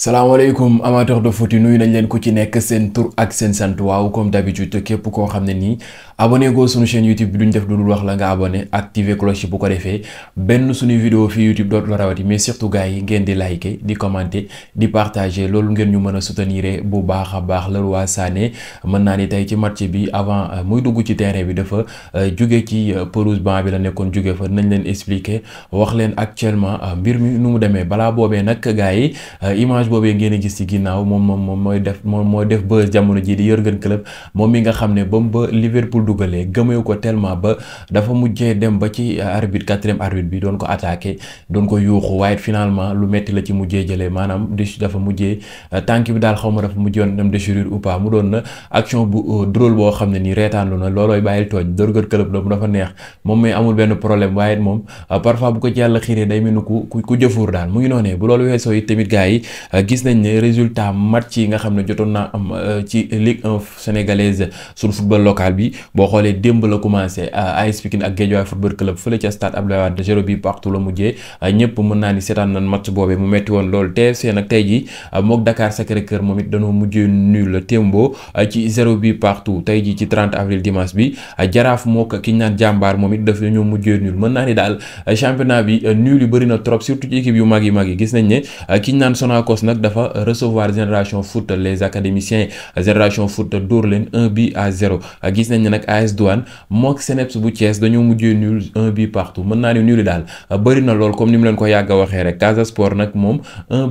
salaamaaleykum amateur de foot nuyu nañ leen ku ci nekk seen tur ak seen sant waaw comme d'habitude képp koo xam ne nii abonné ko suñu chaîne YouTube bi duñ def lu dul wax la nga abonné activer cloche bu ko defee benn suñu vidéo fii YouTube dootu la rawati mais surtout gars yi ngeen di liker di commenter di partager loolu ngeen ñu mën a soutenir bu baax a baax Leroy Sané mën naa ni tey ci match bi avant euh, muy dugg ci terrain bi dafa euh, jóge ci euh, pelouse banc bi la nekkoon jóge fa nañ leen expliquer wax leen actuellement mbir mi nu mu demee balaa boobee nag gars yi image boobee ngeen gis ci ginnaaw moom moom moom mooy def moom mooy def ba jamono ji di Jürgen Klopp moom mi nga xam ne ba mu ba Liverpool dugalee gëmeewu ko tellement ba dafa mujjee dem ba ci arbitre quatrième arbitre bi doon ko attaqué doon ko waaye finalement lu metti la ci mujjee jëlee maanaam déch dafa mujjee euh, tànk bi daal xaw ma dafa mujjoon dem déchirure ou pas mu doon na action bu euh, drôle boo xam ne nii reetaanlu na loolooy bàyyil tooñ Jürgen Klopp la mu dafa neex moom may amul benn problème waaye moom euh, parfois bu ko ci yàlla xiiree day mel ni ku ku jëfuur daal mu ngi noonee bu loolu weesoo it tamit gars yi gis nañ ne résultat match yi nga xam ne jotoon naa am euh, ci Ligue 1 sénégalaise suñu football local bi boo xoolee démb la commencé euh, AS Pikine ak Guédiawaye football club fële ca stade Abdoulaye Wade zéro euh, naa ni seetaan nañ match boobee mu metti woon loolu TFC nag tey jii mook Dakar Sacré-Cœur moom it dañoo mujjee nul tembo ci zéro bi partout bi jaraaf mook ki ñu naan jàmbaar moom it daf ñoo mujjee nul mën naa ni daal championnat bi nul yu bëri na trop surtout ci équipe yu mag yi mag yi gis nañ ne ki ñu naan Sonacos nag dafa recevoir génération foot les académiciens génération foot dóor leen un bi à zéro gis nañ ne nag AS moo mook Cneps bu Thiès dañoo mujjee nul un but mën naa ne nul daal bëri na lool comme ni mu leen ko yàgg waxee rek Casa Sport nag moom un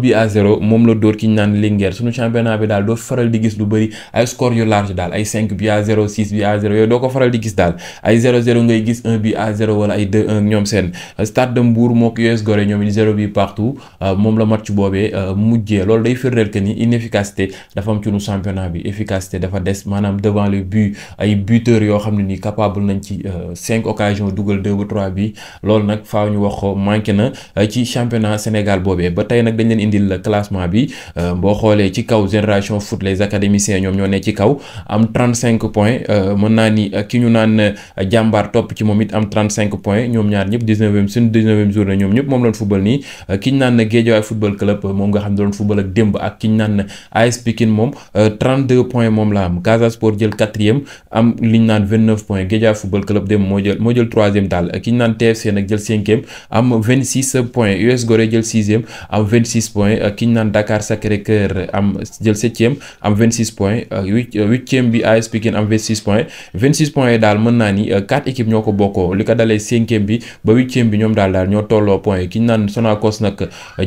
moom la dóor ki ñu naan Linguère suñu championnat bi daal doo faral di gis lu bëri ay yu large daal ay 5 but à zéro 6 doo ko faral di gis daal ay 0 0 ngay gis un but ay 2 1 ñoom seen Stade de Mbour mook US Gorée ñoom it zéro but partout moom la match boobee euh, mujjee loolu day firndeel que ni inefficacité dafa am ci nu championnat bi efficacité dafa des maanaam devant le but ay buteurs yoo xam ne nii capable nañ euh, euh, ci championnat Sénégal boobee ba tey nag dañ leen indil la classement bi euh, boo xoolee ci kaw génération foot les académiciens ñoom ñoo ne ci kaw am 35 points mën naa ni ki ñu naan jàmbaar topp ci moom it am 35 points ñoom ñaar ñëpp 19e ñoom ñëpp moom lañ football nii ki ñu naan Guédiawaye doon football ak démb ak ki ñu naan AS Pikine moom 32 euh, points moom la am Casa Sport jël quatrième am li ñu naan 29 points Guédia football club démb moo jël moo jël troisième daal ki naan TFC nag jël cinquième am 26 points points euh, ki ñu euh, points yi daal mën naa ni quatre équipes ñoo ko bokkoo li ko dalee cinquième bi ba huitième bi ñoom daal daal ñoo tolloo points ki naan Sonacos nag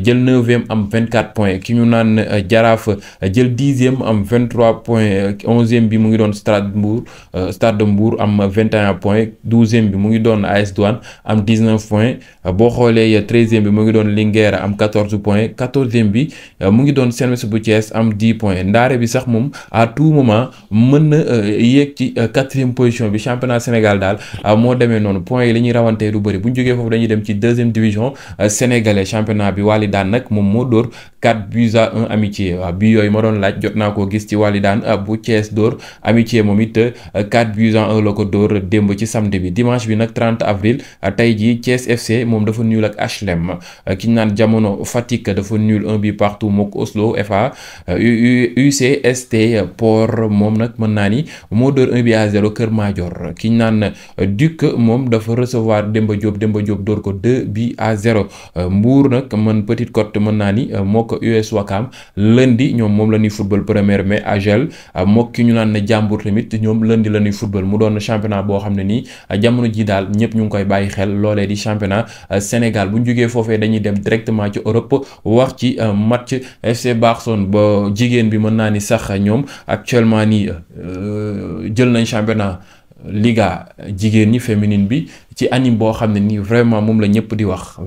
jël neuvième am 24 points. points ki ñu naan euh, jaraaf euh, jël dixième am vingt trois points euh, onzième bi mu ngi doon Stade Mbour Stade Mbour am vingt et un points douzième bi mu ngi doon AS Douane am dix neuf points boo xoolee treizième bi mu ngi doon Linguère am quatorze points quatorzième bi mu ngi doon Mermoz bu Thiès am dix points ndaare bi sax moom à tout moment mën na yéeg ci quatrième position bi championnat Sénégal daal moo demee noonu points yi la ñuy rawantee du bëri bu ñu jógee foofu dañuy dem ci deuxième division sénégalais championnat bi wàlli daan nag moom moo dóor quatre 4 buts à 1 amitié waaw bi yooyu ma doon laaj jot naa koo gis ci wàlli daan ah, bu Thiès dóor amitié moom it 4 buts à 1 la ko dóor démb ci samedi bi dimanche bi nag 30 avril ah, tey jii Thiès FC moom dafa nul ak HLM ah, ki ñu naan jamono Fatick dafa nul 1 but partout mook Oslo FA UCST Port moom nag mën naa ni moo dóor 1 but à Kër Madior ki ñu naan Duc moom dafa recevoir Demba Diop Demba Diop door ko 2 buts à 0 Mbour nag man Petite Côte mën naa ni moo US Wakam lundi ñoom moom la ñuy football premier mais agel ah, mook ki ñu naan ne jàmbur tamit ñoom lëndi la ñuy football mu doon championnat boo xam ne nii ah, jamono ji daal ñëpp ñu ngi koy bàyyi xel loolee di championnat ah, Sénégal bu ñu jógee foofee dañuy dem directement ci Europe wax ci match FC Barcelone ba jigéen bi mën naa ni sax ñoom actuellement nii euh, jël nañ championnat Liga jigéen ñi féminine bi ci anime boo xam ne nii vraiment moom la ñëpp di wax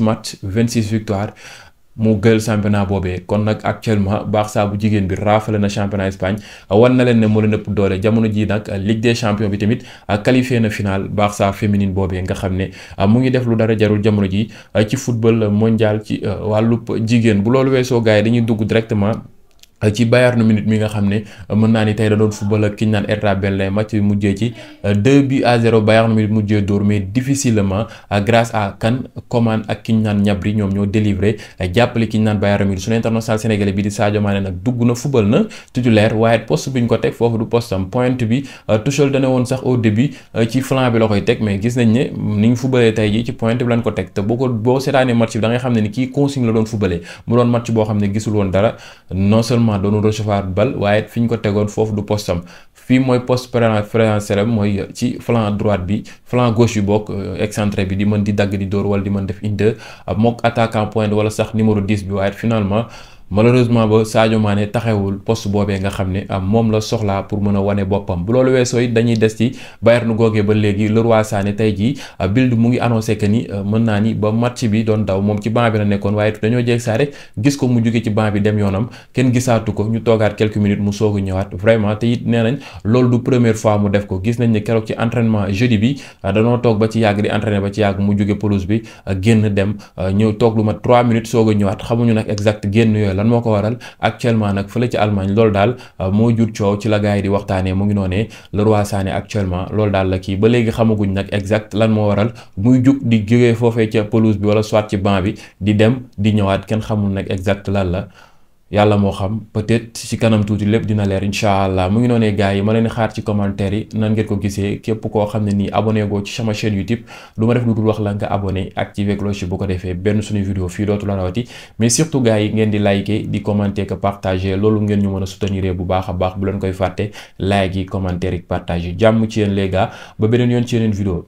ma match 26 victoire mu gël championnat boobee kon nag actuellement Barça bu jigéen bi raafale na championnat Espagne war na leen ne moo leen ëpp doole jamono ji nag Ligue des champions bi tamit qualifié na final Barça féminine boobee nga xam ne mu ngi def lu dara jarul jamono ji ci football mondial ci wàllu jigéen bu loolu weesoo gars yi dañuy dugg directement. ci Bayern Munich mi nga xam ne mën naa ni tey da doon football ak ki ñu naan Hertha Berlin match bi mujjee ci 2 euh, buts à 0 Bayern Munich mujjee dóor mais difficilement euh, grâce à kan Coman ak ki ñu naan Gnabry ñoom ñoo délivré euh, jàppale ki ñu naan Bayern Munich suñu international sénégalais bi di Sadio Mané nag dugg na football na titulaire waaye poste bi ñu ko teg foofu du poste am bi Tuchel dana woon sax au début ci flanc bi la koy teg mais gis nañ ne ni ñu footballee tey ko te boo ko boo seetaanee match bi da ngay xam ne ni kii ne gisul woon dara seulement doonu recevoir bal waaye fi ñu ko tegoon foofu du postam fi mooy poste préférentiel mooy ci flanc droite bi flanc gauche bi bokk euh, excentré bi di mën di dagg di dóor wala di mën def inde mook attaquant point wala sax numéro 10 bi waaye finalement malheureusement ba Sadio Mané taxawul poste boobee nga xam ne ah, moom la soxlaa pour mën a wane boppam bu loolu weesoo it dañuy des ci nu googee ba léegi Leroy Sané tey jii ah, Bild mu ngi annoncé que ni ah, mën naa ni ba match bi doon daw moom ci banc bi la nekkoon waaye dañoo jeeg saa rek gis ko mu jóge ci banc bi dem yoonam kenn gisaatu ko ñu toogaat quelques minutes mu soog a ñëwaat vraiment te it nee nañ loolu du première fois mu def ko gis nañ ni keroog ci entraînement jeudi bi danoo toog ba ci yàgg di ba ci yàgg mu jóge pelouse bi génn dem ñëw toog lu mat 3 minutes soog ñëwaat xamuñu nag exact génn yooyu lan moo ko waral actuellement nag fële ci Allemagne loolu daal euh, moo jur coow ci la gars yi di waxtaanee mu ngi noonee Leroy Sané actuellement loolu daal la kii ba léegi xamaguñ nag exact lan moo waral muy jug di jógee foofee ca pelouse bi wala soit ci banc bi di dem di ñëwaat kenn xamul nag exact lan la. yàlla moo xam peut-être ci kanam tuuti lépp dina leer incha allah mu ngi noonee gars yi ma leen xaar ci commentaire yi nan ngeen ko gisee képp koo xam ne nii abonné goo ci sama chaîne YouTube du ma def lu dul wax la nga abonné activé cloche bu ko defee benn suñu vidéo fii dootu la rawati mais surtout gars yi ngeen di liker di commenter que partager loolu ngeen ñu mën a soutenir bu baax a baax bu leen koy fàtte like yi commentaire yi partager jàmm ci yéen les gars ba beneen ci yeneen vidéo